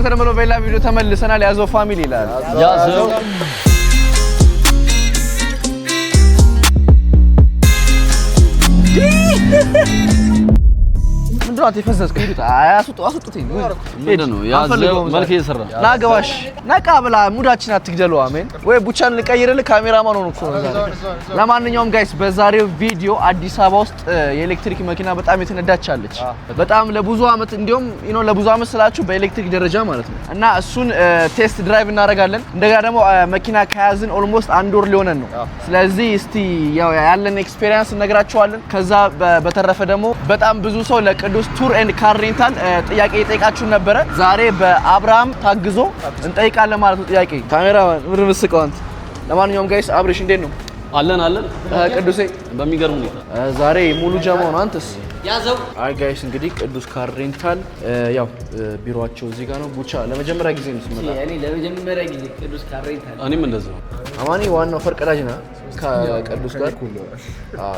የተለመደው በሌላ ቪዲዮ ተመልሰናል። ያዘው ፋሚሊ ይላል ያዘው ምንድነው? አትፈሰስ ከሄዱት አያስወጡ አስወጡት። መልክ እየሰራ ና ገባሽ ነቃ ብላ ሙዳችን አትግደሉ። አሜን ወይ ቡቻን ልቀይርልህ ካሜራማን ሆኖ እኮ ነው። ለማንኛውም ጋይስ በዛሬው ቪዲዮ አዲስ አበባ ውስጥ የኤሌክትሪክ መኪና በጣም የተነዳቻለች። በጣም ለብዙ አመት እንዲሁም ዩኖ ለብዙ አመት ስላችሁ በኤሌክትሪክ ደረጃ ማለት ነው። እና እሱን ቴስት ድራይቭ እናደርጋለን። እንደገና ደግሞ መኪና ከያዝን ኦልሞስት አንድ ወር ሊሆነን ነው። ስለዚህ እስቲ ያው ያለን ኤክስፔሪያንስ እነግራችኋለን። ከዛ በተረፈ ደግሞ በጣም ብዙ ሰው ለቅዱስ ቱር ኤንድ ካር ሬንታል ጥያቄ የጠየቃችሁን ነበረ። ዛሬ በአብርሃም ታግዞ እንጠይቃለን ማለት ነው። ጥያቄ ካሜራማን ምን ምስቀዋንት። ለማንኛውም ጋይስ አብሬሽ እንዴት ነው? አለን አለን ቅዱሴ፣ በሚገርም ሁኔታ ዛሬ ሙሉ ጀማው ነው። አንተስ ያዘው። አይ ጋይስ እንግዲህ ቅዱስ ካር ሬንታል ያው ቢሮአቸው እዚህ ጋር ነው። ቡቻ ለመጀመሪያ ጊዜ ነው ስመጣ እኔ ለመጀመሪያ ጊዜ ቅዱስ ካር ሬንታል እኔም እንደዛ ነው። አማኒ ዋናው ፈርቀዳጅ ና ከቅዱስ ጋር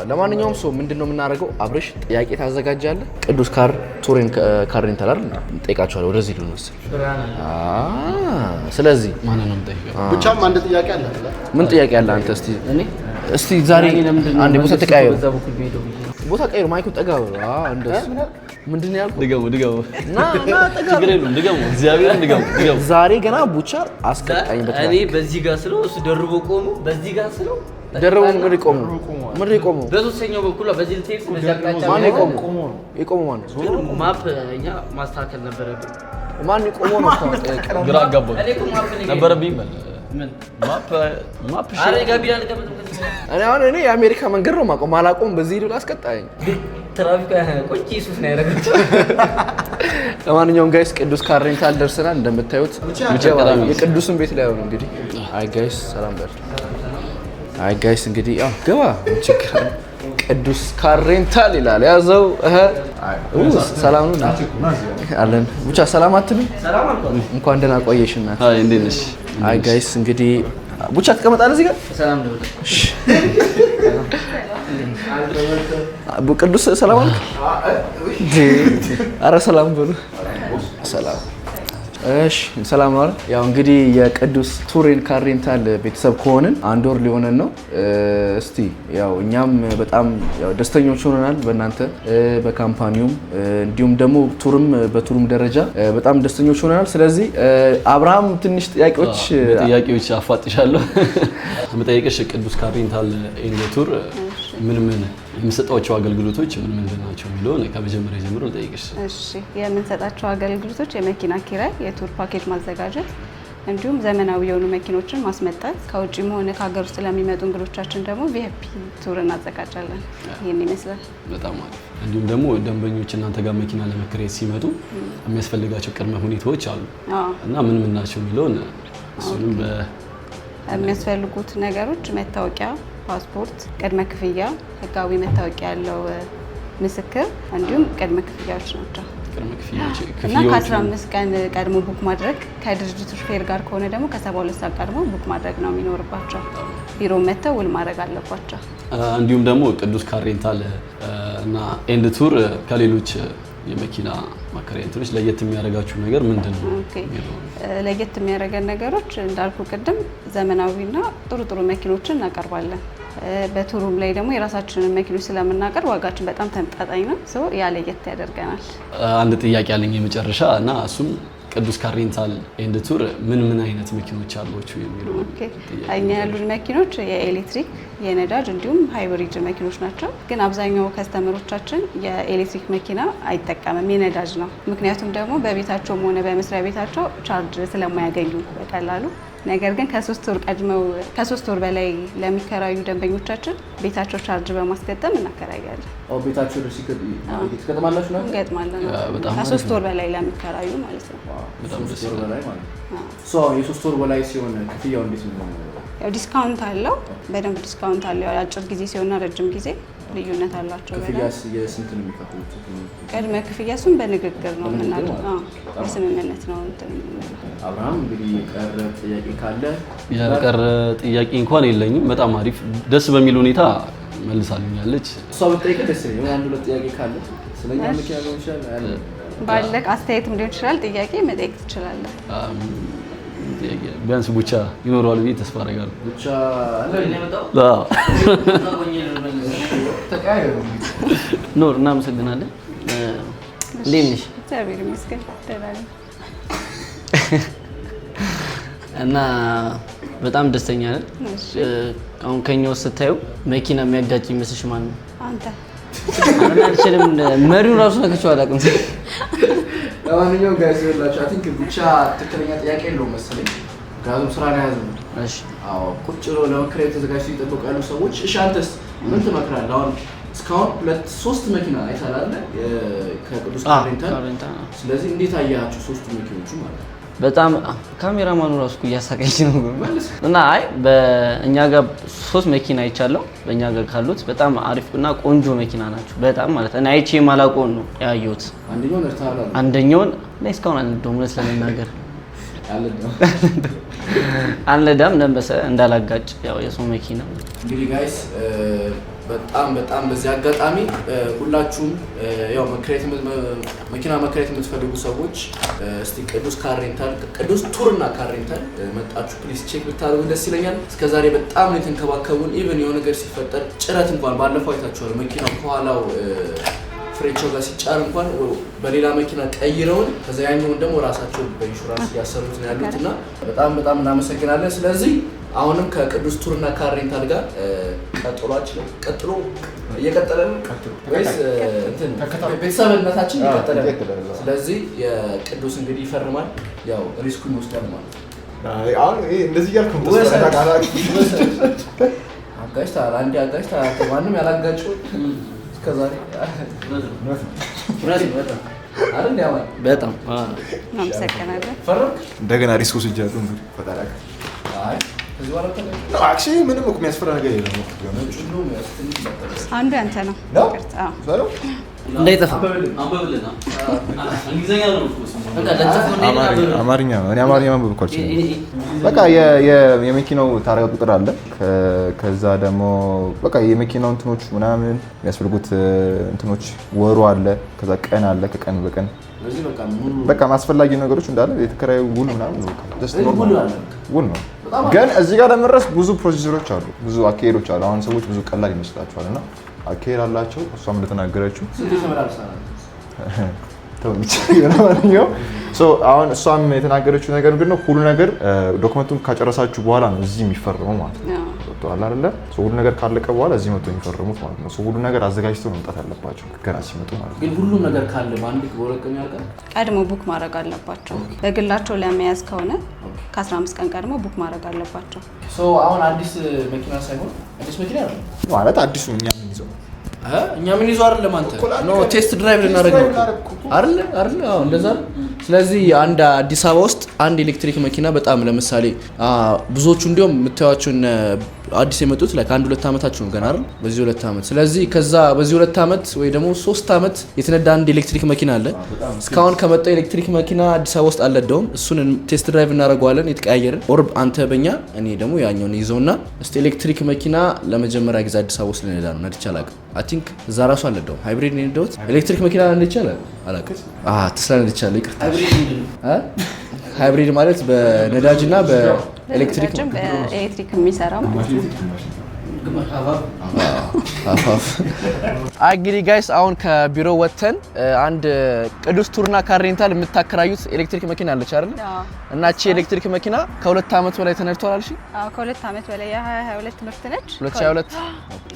ለማንኛውም ሰው ምንድን ነው የምናደርገው? አብረሽ ጥያቄ ታዘጋጃለ። ቅዱስ ካር ቱሬን ካር ሬንታል አይደል? እንጠይቃቸዋለን። ወደዚህ ልንወስድ ስለዚህ ማንን ነው የምጠይቀው? ብቻም አንድ ጥያቄ አለ። ምን ጥያቄ አለ አንተ እኔ እስቲ ዛሬ አንዴ ቦታ ተቀያየሩ። ቦታ ቀይሩ። ማይኩ ጠጋ አዎ ምንድን ያልኩት? ና ዛሬ ገና ቡቻ አስቀጣኝ። በቃ እኔ በዚህ ጋር ስለው እሱ ደርቦ ቆሙ። በዚህ ጋር ስለው ደርቦ ምን ቆሞ፣ ምን ቆሞ፣ በሶስተኛው በኩል በዚህ ልትሄድ ማን የቆመው? የቆመው ማን ነው? ማፕ እኛ ማስተካከል ነበረብን። ማን የቆመው ነው? ግራ አጋባኝ ነበረብኝ አሁን እኔ የአሜሪካ መንገድ ነው የማውቀው። ማላውቀውም በዚህ ሄዱ ላስቀጣኝ። ለማንኛውም ጋይስ ቅዱስ ካሬንታል ደርሰናል። እንደምታዩት የቅዱስን ቤት ላይ ሆነ እንግዲህ። አይ ጋይስ ሰላም በል። አይ ጋይስ እንግዲህ ያው ገባ ችግር ቅዱስ ካሬንታል ይላል ያዘው። ሰላም ነው አለን። ብቻ ሰላም አትልም። እንኳን ደህና ቆየሽ እናት። አይ ጋይስ እንግዲህ ቡቻ ትቀመጣለህ እዚህ ጋር ቅዱስ ሰላም አልክ? ኧረ ሰላም በሉ እሺ ሰላም ነው። ያው እንግዲህ የቅዱስ ቱሬን ካሬንታል ቤተሰብ ከሆንን አንድ ወር ሊሆነን ነው። እስቲ ያው እኛም በጣም ያው ደስተኞች ሆነናል በእናንተ በካምፓኒውም፣ እንዲሁም ደግሞ ቱርም በቱርም ደረጃ በጣም ደስተኞች ሆነናል። ስለዚህ አብርሃም ትንሽ ጥያቄዎች ጥያቄዎች አፋጥሻለሁ። መጠየቅሽ ቅዱስ ካሬንታል ኤንድ ቱር ምን ምን የምሰጣቸው አገልግሎቶች ምን ምንድን ናቸው የሚለውን ከመጀመሪያ ጀምሮ ልጠይቅሽ። እሺ፣ የምንሰጣቸው አገልግሎቶች የመኪና ኪራይ፣ የቱር ፓኬጅ ማዘጋጀት እንዲሁም ዘመናዊ የሆኑ መኪኖችን ማስመጣት፣ ከውጭም ሆነ ከሀገር ውስጥ ለሚመጡ እንግዶቻችን ደግሞ ቪፒ ቱር እናዘጋጃለን። ይህን ይመስላል። በጣም አሪፍ። እንዲሁም ደግሞ ደንበኞች እናንተ ጋር መኪና ለመከራየት ሲመጡ የሚያስፈልጋቸው ቅድመ ሁኔታዎች አሉ እና ምን ምን ናቸው የሚለውን እሱንም የሚያስፈልጉት ነገሮች መታወቂያ ፓስፖርት፣ ቅድመ ክፍያ፣ ህጋዊ መታወቂያ ያለው ምስክር እንዲሁም ቅድመ ክፍያዎች ናቸው እና ከ15 ቀን ቀድሞ ቡክ ማድረግ ከድርጅቱ ሹፌር ጋር ከሆነ ደግሞ ከ72 ሰዓት ቀድሞ ቡክ ማድረግ ነው የሚኖርባቸው። ቢሮ መጥተው ውል ማድረግ አለባቸው። እንዲሁም ደግሞ ቅዱስ ካሬንታል እና ኤንድ ቱር ከሌሎች የመኪና ማከሪያ እንትኖች ለየት የሚያደርጋችሁ ነገር ምንድን ነው? ለየት የሚያደርገን ነገሮች እንዳልኩ ቅድም ዘመናዊና ጥሩ ጥሩ መኪኖችን እናቀርባለን። በቱሩም ላይ ደግሞ የራሳችንን መኪኖች ስለምናቀር ዋጋችን በጣም ተመጣጣኝ ነው። ሰው ያ ያደርገናል። አንድ ጥያቄ ያለኝ የመጨረሻ እና እሱም ቅዱስ ካር ሬንታል ኤንድ ቱር ምን ምን አይነት መኪኖች አሏችሁ የሚለው እኛ ያሉን መኪኖች የኤሌክትሪክ የነዳጅ እንዲሁም ሃይብሪድ መኪኖች ናቸው። ግን አብዛኛው ከስተመሮቻችን የኤሌክትሪክ መኪና አይጠቀምም፣ የነዳጅ ነው። ምክንያቱም ደግሞ በቤታቸውም ሆነ በመስሪያ ቤታቸው ቻርጅ ስለማያገኙ በቀላሉ። ነገር ግን ከሶስት ወር ቀድመው ከሶስት ወር በላይ ለሚከራዩ ደንበኞቻችን ቤታቸው ቻርጅ በማስገጠም እናከራያለን። ቤታቸው ገጥማለን። ከሶስት ወር በላይ ለሚከራዩ ማለት ነው። የሶስት ወር በላይ ሲሆን ክፍያው እንዴት ነው? ዲስካውንት አለው በደንብ ዲስካውንት አለ። አጭር ጊዜ ሲሆንና ረጅም ጊዜ ልዩነት አላቸው። ቅድመ ክፍያ እሱም በንግግር ነው የምናደርገው፣ በስምምነት ነው። እንትን አብርሃም እንግዲህ የቀረ ጥያቄ ካለ? የቀረ ጥያቄ እንኳን የለኝም። በጣም አሪፍ ደስ በሚል ሁኔታ መልሳልኛለች። እሷ ብትጠይቅ ደስ ይለኛል። አንድ ሁለት ጥያቄ ካለ ስለኛ መኪና ሊሆን ይችላል፣ ባለ አስተያየትም ሊሆን ይችላል። ጥያቄ መጠየቅ ትችላለህ። ቢያንስ ቡቻ ይኖረዋል ብዬ ተስፋ አደርጋለሁ። ኖር እናመሰግናለን። እንዴት ነሽ? እና በጣም ደስተኛ ነን። አሁን ከኛው ስታዩ መኪና የሚያጋጭ ይመስልሽ ማን ነው? አንተ አልችልም። መሪውን ራሱ ነክቼው አላውቅም። ለማንኛውም ጋይስ ይኸውላችሁ አይ ቲንክ ብቻ ትክክለኛ ጥያቄ የለውም መሰለኝ። ጋዙም ስራ ላይ ያዘ እሺ አዎ፣ ቁጭ ብሎ ለመከራ የተዘጋጅተው ይጠብቁ ያሉ ሰዎች። እሺ አንተስ ምን ትመክራለህ? አሁን እስካሁን ሁለት ሶስት መኪና አይተሃል አይደል? ከቅዱስ ካሬንታ። ስለዚህ እንዴት አያችሁ ሶስቱ መኪኖቹ ማለት ነው? በጣም ካሜራማኑ ራሱ እያሳቀኝ ነው እና አይ በእኛ ጋር ሶስት መኪና አይቻለሁ። በእኛ ጋር ካሉት በጣም አሪፍ እና ቆንጆ መኪና ናቸው። በጣም ማለት እኔ አይቼ የማላውቀውን ነው ያየሁት። አንደኛውን ላይ እስካሁን አልነዳሁም፣ እውነት ለመናገር አልነዳም። ለመሰ እንዳላጋጭ ያው የሰው መኪና እንግዲህ ጋይስ በጣም በጣም በዚህ አጋጣሚ ሁላችሁም ያው መኪና መከራየት የምትፈልጉ ሰዎች እስቲ ቅዱስ ካሬንታል ቅዱስ ቱርና ካሬንታል መጣችሁ ፕሊስ ቼክ ብታደርጉ ደስ ይለኛል። እስከዛሬ በጣም ነው የተንከባከቡን። ኢቨን የሆነ ነገር ሲፈጠር ጭረት እንኳን ባለፈው አይታችኋል። መኪናው ከኋላው ፍሬቾ ጋር ሲጫር እንኳን በሌላ መኪና ቀይረውን ከዛ ያኛውን ደግሞ ራሳቸው በኢንሹራንስ እያሰሩት ነው ያሉት እና በጣም በጣም እናመሰግናለን። ስለዚህ አሁንም ከቅዱስ ቱርና ካሬንታል ጋር ቀጥሎ ቀጥሏችን ቀጥሎ እየቀጠለ ወይስ ቤተሰብነታችን እየቀጠለ ስለዚህ የቅዱስ እንግዲህ ይፈርማል፣ ያው ሪስኩ ይወስዳል ማለት አሁን እንደዚህ እያልኩ አጋጅተሃል፣ ማንም ያላጋጩ እስከዛሬ በጣም እንደገና ሪስኩ ስጃሉ እንግዲህ አክሽ ምንም እኮ የሚያስፈራ ነገር የለም። አንዱ ያንተ ነው እንዳይጠፋ አማርኛ ማንበብ እኮ አልችልም። በቃ የመኪናው ታሪያ ቁጥር አለ። ከዛ ደግሞ በቃ የመኪናው እንትኖች ምናምን የሚያስፈልጉት እንትኖች ወሩ አለ። ከዛ ቀን አለ። ከቀን በቀን በቃ ማስፈላጊ ነገሮች እንዳለ የተከራዩ ውል ምናምን ውል ነው ግን እዚህ ጋር ለመድረስ ብዙ ፕሮሲጀሮች አሉ፣ ብዙ አካሄዶች አሉ። አሁን ሰዎች ብዙ ቀላል ይመስላቸዋል እና አካሄድ አላቸው። እሷም እንደተናገረችው አሁን እሷም የተናገረችው ነገር ግን ሁሉ ነገር ዶክመንቱን ከጨረሳችሁ በኋላ ነው እዚህ የሚፈርመው ማለት ነው መጥተዋል አለ ሁሉ ነገር ካለቀ በኋላ እዚህ መጥቶ የሚፈርሙት ማለት ነው። ሁሉ ነገር አዘጋጅቶ መምጣት አለባቸው ገና ሲመጡ ማለት ነው። ግን ሁሉም ነገር ካለ በአንድ በሁለተኛ ያልቀ ቀድሞ ቡክ ማድረግ አለባቸው። በግላቸው ለመያዝ ከሆነ ከ15 ቀን ቀድሞ ቡክ ማድረግ አለባቸው። አሁን አዲስ መኪና ሳይሆን አዲስ መኪና ነው ማለት አዲሱ እኛ ምን ይዘው እኛ ምን ይዞ አይደለም። አንተ ኖ ቴስት ድራይቭ ልናደርግ ነው አይደለ? አይደለ? አዎ እንደዛ ነው። ስለዚህ አንድ አዲስ አበባ ውስጥ አንድ ኤሌክትሪክ መኪና በጣም ለምሳሌ ብዙዎቹ እንዲሁም የምታዩቸው አዲስ የመጡት ላይ አንድ ሁለት ዓመታችሁ ነው ገና አይደል? በዚህ ሁለት ዓመት ስለዚህ ከዛ በዚህ ሁለት ዓመት ወይ ደግሞ ሶስት ዓመት የተነዳ አንድ ኤሌክትሪክ መኪና አለ። እስካሁን ከመጣው ኤሌክትሪክ መኪና አዲስ አበባ ውስጥ አለ። አልነዳውም። እሱን ቴስት ድራይቭ እናደርገዋለን የተቀያየርን ኦርብ አንተ በኛ እኔ ደግሞ ያኛውን ይዘውና እስቲ ኤሌክትሪክ መኪና ለመጀመሪያ ጊዜ አዲስ አበባ ውስጥ ልነዳ ነው። ነድቼ አላውቅም። አይ ቲንክ እዛ ራሱ አለ አልነዳውም። ሃይብሪድ ነው የነዳሁት። ኤሌክትሪክ መኪና ነድቼ አላውቅም። አዎ ተስላ ነድቼ አላውቅም። ይቅርታ ሃይብሪድ ማለት በነዳጅና በ ኤሌክትሪክ በኤሌክትሪክ የሚሰራ ማለት ነው። እንግዲህ ጋይስ አሁን ከቢሮ ወጥተን አንድ ቅዱስ ቱርና ካር ሬንታል የምታከራዩት ኤሌክትሪክ መኪና አለች አይደል? እና እቺ ኤሌክትሪክ መኪና ከሁለት አመት በላይ ተነድቷል አልሽ? አዎ ከሁለት አመት በላይ ያ 22 ምርት ነች። 2022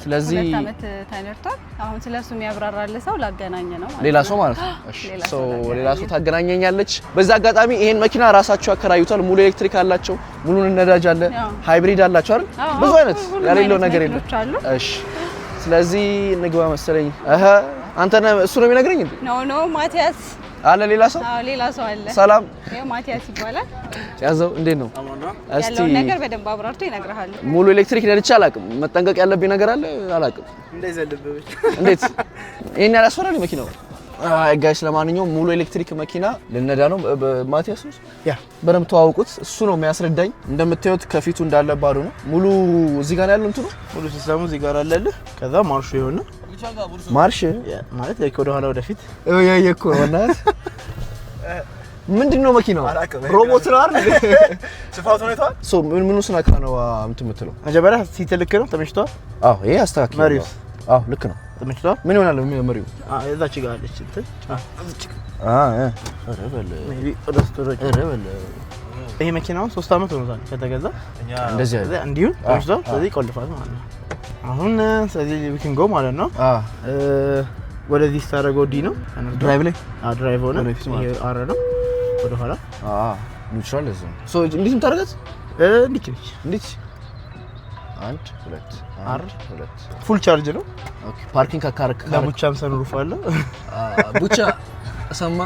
ስለዚህ ሁለት ዓመት ተነድቷል። አሁን ስለሱ የሚያብራራል ሰው ላገናኘ ነው ሌላ ሰው ማለት ነው። እሺ ሶ ሌላ ሰው ታገናኘኛለች። በዛ አጋጣሚ ይሄን መኪና ራሳቸው አከራዩታል። ሙሉ ኤሌክትሪክ አላቸው፣ ሙሉ ነዳጅ አለ፣ ሃይብሪድ አላቸው አይደል? ብዙ አይነት ያሌለው ነገር የለም። እሺ ስለዚህ ንግባ መሰለኝ። እህ አንተ እሱ ነው የሚነግረኝ እንዴ? ኖ ኖ ማቲያስ አለ ሌላ ሰው ሌላ ሰው አለ። ሰላም ማቲያስ ይባላል። ያዘው እንዴት ነው? እስቲ ነገር በደንብ አብራርቶ ይነግርሃል። ሙሉ ኤሌክትሪክ ነድቼ አላውቅም። መጠንቀቅ ያለብኝ ነገር አለ አላውቅም። እንዴት ይሄን ያላስፈራል መኪናው። አይ ጋይስ፣ ለማንኛውም ሙሉ ኤሌክትሪክ መኪና ልነዳ ነው። ማቲያስ ያ በደንብ ተዋውቁት፣ እሱ ነው የሚያስረዳኝ። እንደምታዩት ከፊቱ እንዳለ ባዶ ነው። ሙሉ እዚህ ጋር ያለው እንትኑ ሙሉ ሲስተሙ እዚህ ጋር አለልህ። ከዛ ማርሹ ይሆን ማርሽ ማለት ወደ ኋላ ወደፊት እኮ በእናትህ ምንድን ነው መኪናው? ሮቦት ነው አይደል? ስፋት ሁኔታ ሶ ምን ምን ስናካ ነው እንትን የምትለው? መጀመሪያ ሲቲ ልክ ነው ተመችቷል። አዎ ይሄ አስተካክል መሪው። አዎ ልክ ነው ተመችቷል። ምን ይሆናል መሪው? አዎ እዛች ጋር አለች እንትን ይሄ መኪናውን ሶስት አመት ሆኖታል ከተገዛ እንደዚህ እንዲሁ ተመችቷል። ስለዚህ ቆልፋል ማለት ነው አሁን ስለዚህ ዊክንጎ ማለት ነው ወደዚህ ስታደርገው ዲ ነው ድራይቭ ላይ ድራይቭ ሆነ አረ ነው ወደኋላ ኒውትራል ዝ እንዴት ምታደርገት እንዲች ነች እንዲች አንድ ሁለት አር ሁለት ፉል ቻርጅ ነው። ፓርኪንግ ካካረክ ለቡቻም ሰንሩፍ አለ ቡቻ ሰማ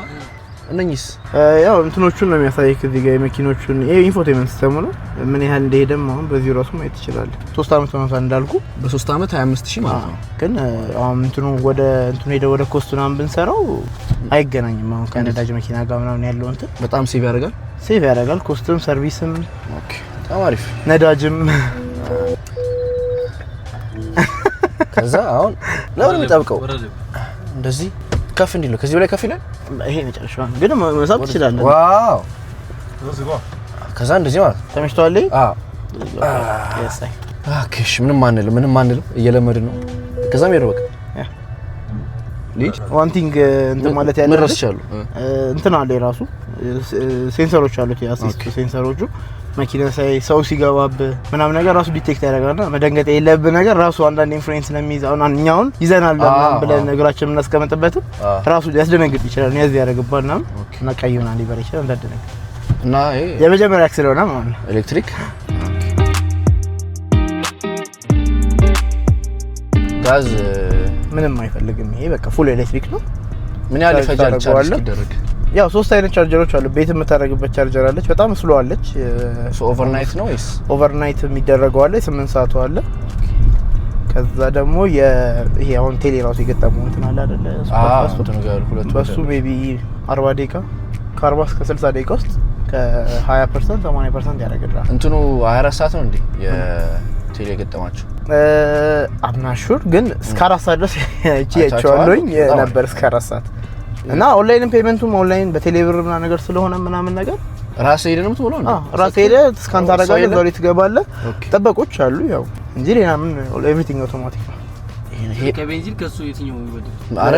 እነኚህስ ያው እንትኖቹን ነው የሚያሳይህ እዚህ ጋር የመኪኖቹን ይሄ ኢንፎቴመንት ሲስተሙ ነው ምን ያህል እንደሄደም አሁን በዚህ ራሱ ማየት ትችላለህ። ሶስት አመት መመሳ እንዳልኩ በሶስት አመት ሀያ አምስት ሺህ ማለት ነው። ግን አሁን እንትኑ ወደ እንትኑ ሄደ ወደ ኮስቱ ምናምን ብንሰራው አይገናኝም። አሁን ከነዳጅ መኪና ጋር ምናምን ያለው እንትን በጣም ሴቭ ያደርጋል። ሴቭ ያደርጋል ኮስትም፣ ሰርቪስም በጣም አሪፍ ነዳጅም ከዛ አሁን ለምን የሚጠብቀው እንደዚህ ከፍ እንዲል ነው። ከዚህ በላይ ከፍ ይላል። ይሄ መጨረሻው ግን መሳብ ትችላለህ። ዋው ከዛ እንደዚህ ማለት ተመችቶሃል። አዎ ኦኬ። እሺ ምንም አንልም፣ ምንም አንልም። እየለመድን ነው። ከዛም ሄዶ በቃ ልጅ ዋንቲንግ እንትን ማለት ያለ እንትን አለ የራሱ ሴንሰሮች አሉት የአሲስት ሴንሰሮቹ መኪና ሳይ ሰው ሲገባብህ ምናምን ነገር ራሱ ዲቴክት ያደርጋልና መደንገጥ የለብ ነገር ራሱ አንዳንድ ኢንፍሉዌንስ ነው የሚይዘው። አሁን እኛውን ይዘናል ብለን እግራችን የምናስቀምጥበትም ራሱ ያስደነግጥ ይችላል። ያዝ ያደርግባል ና እና ቀይ ሊበር ይችላል እንዳደነግጥ እና የመጀመሪያ አክስል ማለት ኤሌክትሪክ ጋዝ ምንም አይፈልግም። ይሄ በቃ ፉል ኤሌክትሪክ ነው። ምን ያህል ይፈጃል ቻርጅ ሲደረግ ያው ሶስት አይነት ቻርጀሮች አሉ። ቤት የምታደርግበት ቻርጀር አለች፣ በጣም ስሎ አለች። ኦቨርናይት ነው ወይስ ኦቨርናይት የሚደረገው አለ፣ ስምንት ሰዓቱ አለ። ከዛ ደግሞ ይሄ አሁን ቴሌ ራሱ የገጠመው እንትን አለ አይደለ? በሱ ቢ አርባ ደቂቃ ከአርባ እስከ ስልሳ ደቂቃ ውስጥ ከሀያ ፐርሰንት ሰማንያ ፐርሰንት ያደርግልሃል። እንትኑ ሀያ አራት ሰዓት ነው እንዴ ቴሌ የገጠማቸው? አምናሹር ግን እስከ አራት ሰዓት ድረስ አይቼዋለሁኝ ነበር እስከ አራት ሰዓት እና ኦንላይን ፔመንቱም ኦንላይን በቴሌብር ምናምን ነገር ስለሆነ ምናምን ነገር ራስ ሄደ ነው ትብሎ ነው ራስ ሄደ እስካን ታደርጋለህ፣ ጋሪ ትገባለህ። ጠበቆች አሉ ያው እንጂ ሌላ ምን ኤቭሪቲንግ አውቶማቲክ ነው። ከቤንዚን ከሱ የትኛው ይወደድ? ኧረ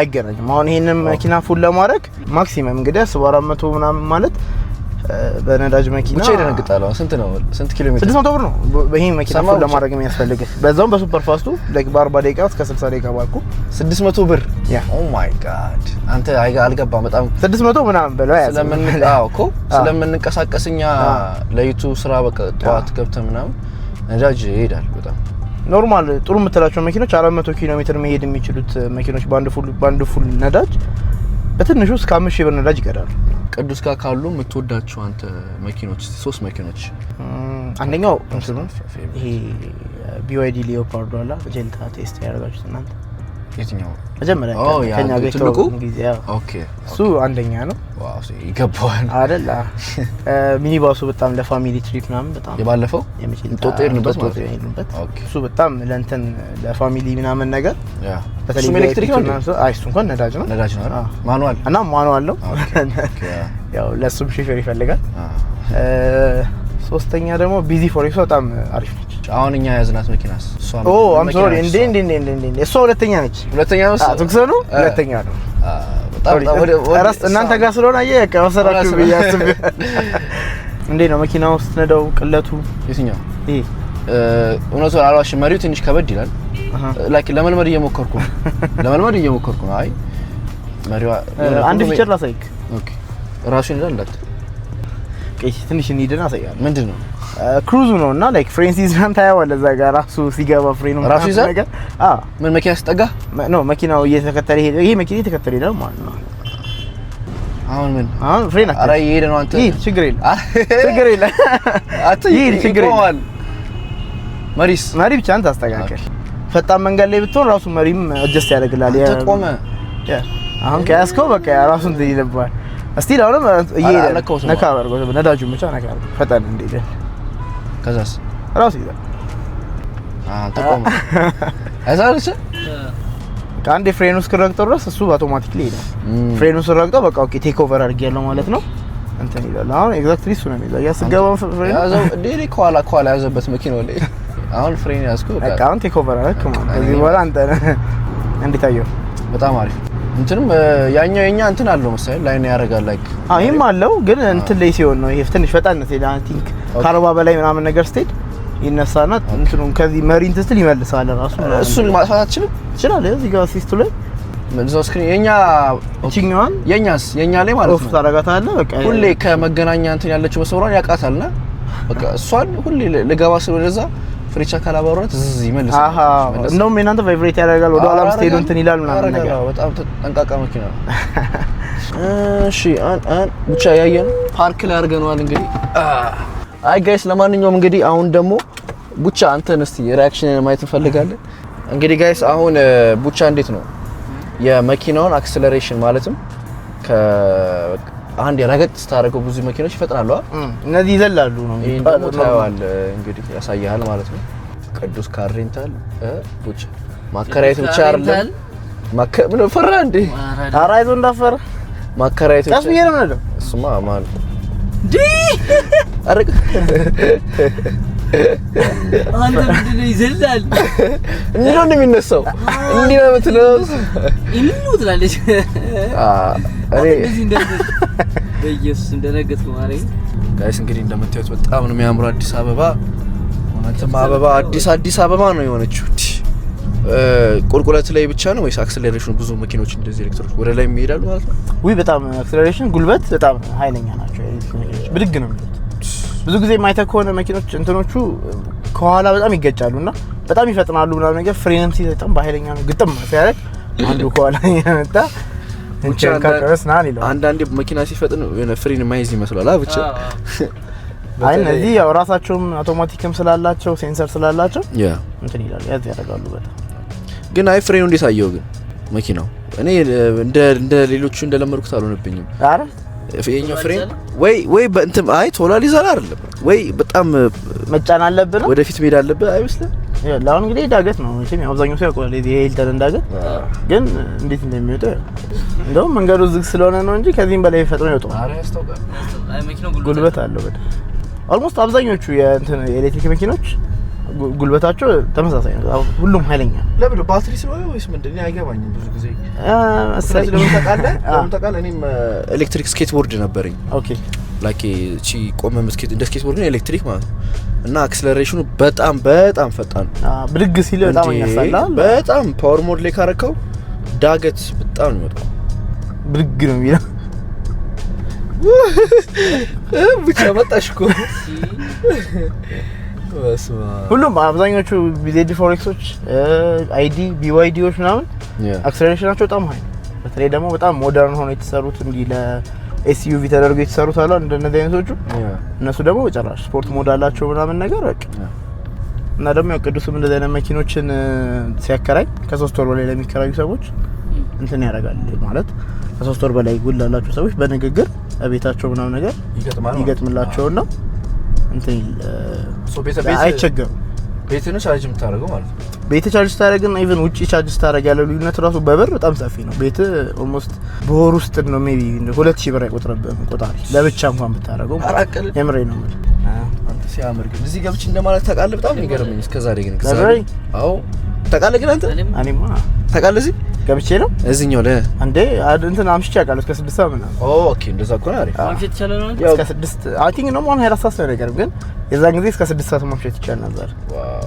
አይገናኝም። አሁን ይሄንን መኪና ፉል ለማድረግ ማክሲመም እንግዲህ 1400 ምናምን ማለት በነዳጅ መኪና ብቻ ይደነግጣለሁ። ስንት ነው? ስንት ኪሎ ሜትር? ስድስት መቶ ብር ነው ይሄ መኪና ፎል ለማድረግ የሚያስፈልግ በዛውም በሱፐር ፋስቱ ላይክ በአርባ ደቂቃ እስከ ስልሳ ደቂቃ ባልኩ ስድስት መቶ ብር። ያ ኦ ማይ ጋድ አንተ አልገባም። በጣም ስድስት መቶ ምናምን በለው ያዝ እኮ ስለምንቀሳቀስ እኛ ለይቱ ስራ በቃ ጠዋት ገብተህ ምናምን ነዳጅ ይሄዳል በጣም ኖርማል ጥሩ የምትላቸው መኪኖች አራት መቶ ኪሎ ሜትር መሄድ የሚችሉት መኪኖች በአንድ ፉል በአንድ ፉል ነዳጅ በትንሹ እስከ አምስት ሺህ ብር ነዳጅ ይቀዳል። ቅዱስ ጋር ካሉ የምትወዳቸው አንተ መኪኖች ሶስት መኪኖች አንደኛው ይሄ ቢዋይዲ ሊዮፓርዶ አላ ጀልታ ቴስት ያደርጋችሁት እናንተ የትኛው መጀመሪያ ከኛ እሱ አንደኛ ነው ይገባዋል ሚኒባሱ በጣም ለፋሚሊ ትሪፕ ምናምን በጣም የባለፈው እሱ በጣም ለእንትን ለፋሚሊ ምናምን ነገር እሱ እንኳን ነዳጅ ነው ነዳጅ ነው ማኑዋል እና ማኑዋል ነው። ያው ለእሱም ይፈልጋል። ሶስተኛ ደግሞ ቢዚ ፎሬክሱ በጣም አሪፍ ነው። አሁን እኛ የያዝናት መኪናስ እሷ እሷ ሁለተኛ ነች። ሁለተኛ ነው ትኩሰኑ ሁለተኛ ነው። እናንተ ጋር ስለሆነ አየህ ከመሰራችሁ ብያስብ እንዴ ነው መኪና ውስጥ ነደው ቅለቱ የትኛው ይሄ እውነቱ አልዋሽም። መሪው ትንሽ ከበድ ይላል። ላኪ ለመልመድ እየሞከርኩ ለመልመድ እየሞከርኩ ነው። አይ መሪዋ አንድ ፊቸር ላሳይክ። ኦኬ ራሱ ይላል እንዳት ቀይ ትንሽ እንሂድና አሳያለሁ። ምንድን ነው ክሩዙ ነው እና ላይክ ፍሬን ሲዝናን ታየዋለህ። እዛ ጋር ራሱ ሲገባ ፍሬኑ ራሱ ይዛ ነገር አ ምን መኪና ስጠጋ ነው መኪናው እየተከተለ ይሄ ይሄ መኪና እየተከተለ ይሄዳል ማለት ነው። አሁን ምን አሁን ፍሬን አረ ይሄ ነው። አንተ ይሄ ችግር የለም ችግር የለም አት ይሄ ችግር የለም። መሪስ መሪ ብቻ አንተ አስተካከል። ፈጣን መንገድ ላይ ብትሆን ራሱ መሪም አጀስት ያደርግላል። ያ ተቆመ አሁን ከያዝከው በቃ ራሱ ራሱን ይለባል። እስቲ ለአሁንም እየሄደ ነካ አድርጎት ነዳጁን ብቻ ነካ አድርጎት ፈጠን እንደ ከዛስ ራሱ ይዛል። አንድ ፍሬኑ እስክረግጠው ድረስ እሱ አውቶማቲክሊ ይሄዳል። ፍሬኑ ስረግጠው በቃ ኦኬ ቴክ ኦቨር አድርጌያለሁ ማለት ነው እንትን ይላል። አሁን ኤግዛክትሊ እሱ ነው የሚይዘው። ያስገባው ፍሬኑ ያዘው ዴሊ ከኋላ ከኋላ ያዘበት መኪናው ላይ አሁን ፍሬን ያዝኩ በቃ አሁን ቴክ ኦቨር አደረክ ማለት ከዚህ በኋላ አንተ እንዲታየው በጣም አሪፍ እንትንም ያኛው የኛ እንትን አለው መሰለኝ ላይ ነው ያደርጋል። ላይክ አዎ ይሄም አለው ግን እንትን ላይ ሲሆን ነው ይሄ ትንሽ ፈጣን ነው ቲንክ ከአርባ በላይ ምናምን ነገር ስትሄድ ይነሳና እንትኑ ከዚህ መሪን ትስል ይመልሳል ራሱ። እሱን ማጥፋት አትችልም? ይችላል። እዚህ ጋር ሲስቱ ላይ ምንዛው ስክሪን የኛ እቺኛዋን የኛስ የኛ ላይ ማለት ነው። ኦፍ ታረጋታለህ። በቃ ሁሌ ከመገናኛ እንትን ያለችው መስመሯን ያውቃታልና በቃ እሷን ሁሌ ልገባ ስለ ወደዛ ፍሬቻ ካላባሮት እዚህ ይመልሳል። አሃ እንደውም የእናንተ ቫይብሬት ያደርጋል ወደ ኋላም ስትሄዱ እንትን ይላል ምናምን ነገር። በጣም ጠንቃቃ መኪና ነው። እሺ አን አን ብቻ ያየን ፓርክ ላይ አድርገነዋል እንግዲህ አይ ጋይስ፣ ለማንኛውም እንግዲህ አሁን ደግሞ ቡቻ አንተን እስቲ ሪያክሽንን ማየት እንፈልጋለን። እንግዲህ ጋይስ፣ አሁን ቡቻ እንዴት ነው የመኪናውን አክሰለሬሽን ማለትም አንድ ረገጥ ስታደርገው ብዙ መኪኖች ይፈጥናሉ። እነዚህ ይዘላሉ ነው ታየዋል። እንግዲህ ያሳያል ማለት ነው። ቅዱስ ካር ሬንታል ቡቻ ማከራየት ብቻ አይደለም። ማከ ምን ፈራ እንዴ አራይዞ እንዳፈራ ማከራየት ብቻ ነው። እሱማ ማን እንዴ አረቅ አንተ ምንድን ነው ይዘላል? እንዴት ነው እንደሚነሳው? እንዴት ነው የምትለው? ይህን ትላለች። ትላለች። በኢየሱስ እንደነገጥኩ ማሬ ጋይስ እንግዲህ እንደምታዩት በጣም ነው የሚያምሩ አዲስ አበባ። እውነትም አበባ አዲስ አዲስ አበባ ነው የሆነችው። ቁልቁለት ላይ ብቻ ነው ወይስ አክስለሬሽኑ ብዙ መኪኖች እንደዚህ ኤሌክትሪክ ወደ ላይ የሚሄዳሉ ማለት ነው? ውይ በጣም አክስለሬሽን ጉልበት በጣም ኃይለኛ ናቸው። ብድግ ነው ብዙ ጊዜ ማይተህ ከሆነ መኪኖች እንትኖቹ ከኋላ በጣም ይገጫሉ እና በጣም ይፈጥናሉ ምናምን ነገር ፍሬንም ሲሰጠም በኃይለኛ ነው ግጥም ሲያደርግ አንዱ ከኋላ የመጣ አንዳንዴ መኪና ሲፈጥን ፍሬን ማይዝ ይመስላል ብቻ አይ እነዚህ ያው ራሳቸውም አውቶማቲክም ስላላቸው ሴንሰር ስላላቸው እንትን ይላሉ ያዝ ያደርጋሉ በጣም ግን አይ ፍሬኑ እንዴት አየው ግን መኪናው እኔ እንደ ሌሎቹ እንደለመድኩት አልሆነብኝም። አረ የኛ ፍሬም ወይ ወይ በእንትም አይ ቶላ ሊዘራ አይደለም ወይ በጣም መጫን አለብን፣ ወደፊት መሄድ አለብን አይመስልም። አሁን እንግዲህ ዳገት ነው እንጂ አብዛኛው ሰው ያውቀዋል የሂልተንን ዳገት። ግን እንዴት እንደሚወጣ እንደውም መንገዱ ዝግ ስለሆነ ነው እንጂ ከዚህም በላይ ፈጥኖ ይወጣል። ጉልበት አለው በጣም ኦልሞስት አብዛኞቹ የኤሌክትሪክ መኪኖች ጉልበታቸው ተመሳሳይ ነው። ሁሉም ኃይለኛ ለምን ባትሪ ስለሆነ ወይስ ምንድን ነው አይገባኝም። ብዙ ጊዜ ስለዚህ ለምን ታውቃለህ፣ ለምን ታውቃለህ፣ እኔም ኤሌክትሪክ ስኬትቦርድ ቦርድ ነበረኝ። ኦኬ ላኪ እቺ ቆመ መስኬት እንደ ስኬትቦርድ ነው ኤሌክትሪክ ማለት ነው። እና አክስለሬሽኑ በጣም በጣም ፈጣን ብድግ ሲል በጣም ያሳላል። በጣም ፓወር ሞድ ላይ ካረከው ዳገት በጣም ነው የሚወጣው። ብድግ ነው የሚለው ብቻ መጣሽ እኮ ሁሉም አብዛኞቹ ዜድ ፎሬክሶች፣ አይዲ ቢዋይዲዎች ምናምን አክሰሌሬሽናቸው በጣም ሀይ በተለይ ደግሞ በጣም ሞደርን ሆነ የተሰሩት እንዲህ ለኤስዩቪ ተደርገው የተሰሩት አሉ። እንደነዚህ አይነቶቹ እነሱ ደግሞ በጨራሽ ስፖርት ሞድ አላቸው ምናምን ነገር በቃ እና ደግሞ ያው ቅዱስም እንደዚህ አይነት መኪኖችን ሲያከራይ ከሶስት ወር በላይ ለሚከራዩ ሰዎች hmm. እንትን ያደርጋል ማለት ከሶስት ወር በላይ ውል ላላቸው ሰዎች በንግግር ቤታቸው ምናምን ነገር ይገጥምላቸውና ah. እንትን ቤት ቤትህን ቻርጅ የምታደርገው ማለት ነው። ቤትህ ቻርጅ ስታደርግና ኢቨን ውጭ ቻርጅ ስታደርግ ያለው ልዩነት ራሱ በብር በጣም ሰፊ ነው። ቤት ኦልሞስት በወር ውስጥ ነው ሜይ ቢ ሁለት ሺህ ብር አይቆጥርብህም ቆጣሪ ለብቻ እንኳን ብታደርገው የምሬ ነው ማለት አንተ ግን እዚህ ገብቼ እንደማለት ታውቃለህ። በጣም የሚገርመኝ እስከዛሬ ግን ከዛሬ አዎ ታውቃለህ ግን አንተ እኔማ ታውቃለህ እዚህ ገብቼ ነው እዚህኛው ለ እንዴ እንትን አምሽቼ አውቃለሁ። እስከ ስድስት ሰዓት ምናምን ኦኬ፣ እንደዛ እኮ ነው አሪፍ። ማምሸት ይቻላል ነው እስከ ስድስት አይ ቲንክ ነው ማን ሀያ ሰዓት ነው ነገር ግን የዛን ጊዜ እስከ ስድስት ሰዓት ማምሸት ይቻል ነበር። ዋው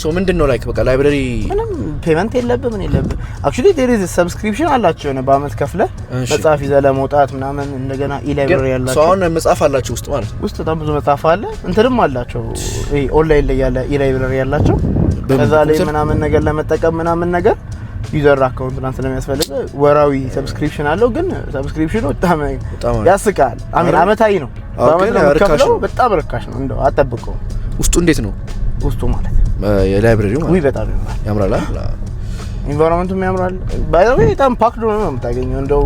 ሶ ምንድን ነው ላይክ በቃ ላይብረሪ ምንም ፔመንት የለብህ ምን የለብህ። አክቹሊ ዴር ኢዝ ሰብስክሪፕሽን አላቸው ነው በአመት ከፍለ መጽሐፍ ይዘህ ለመውጣት ምናምን እንደገና ኢ ላይብረሪ ያላቸው ሰው አሁን መጽሐፍ አላቸው ውስጥ ማለት ውስጥ በጣም ብዙ መጽሐፍ አለ። እንትንም አላቸው ኦንላይን ላይ ያለ ኢ ላይብረሪ ያላቸው ከዛ ላይ ምናምን ነገር ለመጠቀም ምናምን ነገር ዩዘር አካውንት ምናምን ስለሚያስፈልግ ወራዊ ሰብስክሪፕሽን አለው። ግን ሰብስክሪፕሽኑ በጣም ያስቃል። አሚን አመታዊ ነው። በአመት ነው የምከፍለው። በጣም ርካሽ ነው። እንደው አጠብቀው ውስጡ እንዴት ነው ውስጡ ማለት የላይብረሪው ማለት በጣም ያምራል። ኢንቫይሮንመንቱም ያምራል። ባይዘው በጣም ፓክድ ሆኖ ነው የምታገኘው። እንደው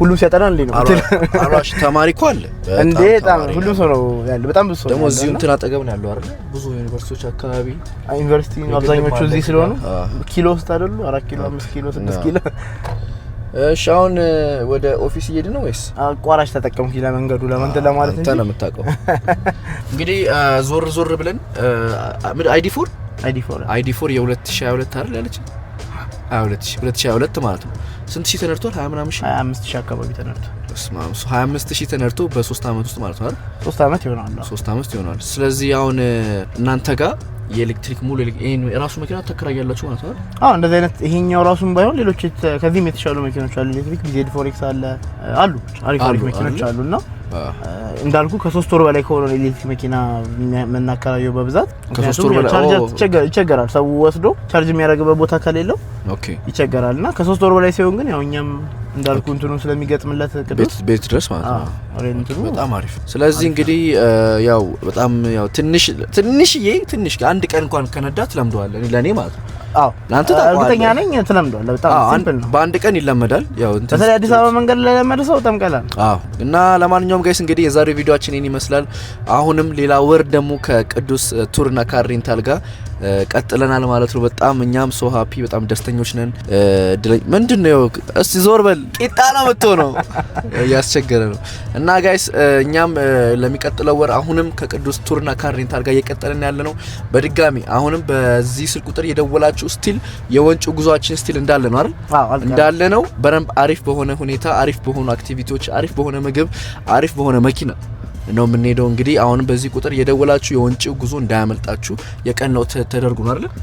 ሁሉም ሲያጠና እንዴ ነው አራሽ ተማሪ እኮ አለ እንዴ በጣም ሁሉም ሰው ነው ያለ። በጣም ብዙ ሰው ደግሞ እዚሁ እንትን አጠገብ ነው ያለው አይደል? ብዙ ዩኒቨርሲቲዎች አካባቢ ዩኒቨርሲቲ አብዛኞቹ እዚህ ስለሆኑ ኪሎ ውስጥ አይደሉ? አራት ኪሎ፣ አምስት ኪሎ፣ ስድስት ኪሎ። እሺ አሁን ወደ ኦፊስ እየሄድን ነው ወይስ አቋራጭ ተጠቀምኩ? ለመንገዱ ለመንት ለማለት እንጂ ነው የምታውቀው። እንግዲህ ዞር ዞር ብለን አይዲ ፎር አይዲ ፎር አይዲ ፎር የ2022 አይደል ያለችው 2022 ማለት ነው። ስንት ሺህ ተነድቷል? 20 ምናምን ሺህ 25 ሺህ አካባቢ ተነድቷል። 25 ሺህ ተነድቶ በሶስት አመት ውስጥ ማለት ነው ሶስት አመት ይሆናል። ሶስት አመት ይሆናል። ስለዚህ አሁን እናንተ ጋር የኤሌክትሪክ ሙሉ የራሱ መኪና ተከራያላችሁ ማለት ነው። አዎ እንደዚህ አይነት ይሄኛው ራሱም ባይሆን ሌሎች ከዚህም የተሻሉ መኪኖች አሉ። ኤሌክትሪክ ቢዜድ ፎሬክስ አለ አሉ አሪፍ አሪፍ መኪኖች አሉ እና እንዳልኩ ከሶስት ወር በላይ ከሆነ ኤሌክትሪክ መኪና የምናከራየው በብዛት ከሶስት ወር በላይ ይቸገራል ሰው ወስዶ ቻርጅ የሚያደርግበት ቦታ ከሌለው ይቸገራል እና ከሶስት ወር በላይ ሲሆን ግን ያው እኛም እንዳልኩ እንትኑ ስለሚገጥምለት ቅዱስ ቤት ድረስ ማለት ነው። በጣም አሪፍ። ስለዚህ እንግዲህ ያው በጣም ያው ትንሽ ትንሽ ትንሽዬ ትንሽ አንድ ቀን እንኳን ከነዳ ትለምደዋለህ፣ ለእኔ ማለት ነው። አዎ ለአንተ እርግጠኛ ነኝ ትለምደዋለህ። በጣም ሲምፕል ነው፣ በአንድ ቀን ይለመዳል። ያው በተለይ አዲስ አበባ መንገድ ላይ ለመደ ሰው በጣም ቀላል። አዎ እና ለማንኛውም ጋይስ እንግዲህ የዛሬው ቪዲዮአችን ይህን ይመስላል። አሁንም ሌላ ወር ደግሞ ከቅዱስ ቱርና ካሪንታል ጋር ቀጥለናል ማለት ነው። በጣም እኛም ሶ ሀፒ በጣም ደስተኞች ነን። ድለኝ ምንድን ነው እስቲ ዞር በል ቂጣ ነው ምቶ ነው እያስቸገረ ነው። እና ጋይስ እኛም ለሚቀጥለው ወር አሁንም ከቅዱስ ቱርና ካሬንታር ጋር እየቀጠለን ያለ ነው። በድጋሚ አሁንም በዚህ ስልክ ቁጥር የደወላችሁ ስቲል የወንጩ ጉዟችን ስቲል እንዳለ ነው አይደል? እንዳለ ነው። በደንብ አሪፍ በሆነ ሁኔታ አሪፍ በሆኑ አክቲቪቲዎች፣ አሪፍ በሆነ ምግብ፣ አሪፍ በሆነ መኪና ነው የምንሄደው። እንግዲህ አሁን በዚህ ቁጥር የደወላችሁ የወንጪው ጉዞ እንዳያመልጣችሁ። የቀን ለውጥ ተደርጎ ነው አይደል?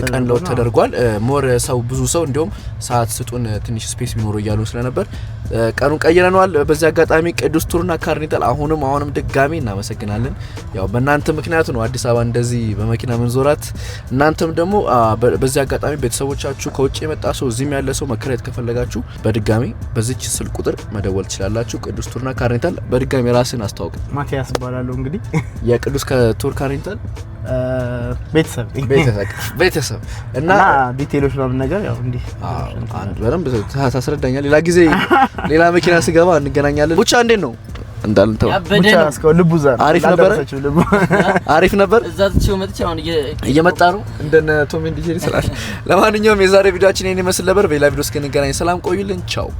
የቀን ለውጥ ተደርጓል። ሞር ሰው ብዙ ሰው እንዲሁም ሰዓት ስጡን ትንሽ ስፔስ ቢኖሩ እያሉ ስለነበር ቀኑን ቀይረነዋል። በዚህ አጋጣሚ ቅዱስ ቱርና ካርኒታል አሁንም አሁንም ድጋሚ እናመሰግናለን። ያው በእናንተ ምክንያት ነው አዲስ አበባ እንደዚህ በመኪና መንዞራት። እናንተም ደግሞ በዚህ አጋጣሚ ቤተሰቦቻችሁ ከውጭ የመጣ ሰው እዚህም ያለ ሰው መከራየት ከፈለጋችሁ በድጋሚ በዚች ስልክ ቁጥር መደወል ትችላላችሁ። ቅዱስ ቱርና ካርኒታል። በድጋሚ ራስን አስተዋውቅ። ማቲያስ እባላለሁ። እንግዲህ የቅዱስ ከቱር ካሪንተን ቤተሰብ ቤተሰብ እና ዲቴሎች ምናምን ነገር ያው እንዲህ በደንብ ታስረዳኛል። ሌላ ጊዜ ሌላ መኪና ስገባ እንገናኛለን። ብቻ እንዴት ነው እንዳልተው አሪፍ ነበር፣ አሪፍ ነበር። እየመጣ ነው እንደነ ቶም ኤንድ ጄሪ ስላል። ለማንኛውም የዛሬ ቪዲዮችን ይሄን ይመስል ነበር። በሌላ ቪዲዮ እስክንገናኝ ሰላም ቆዩልን። ቻው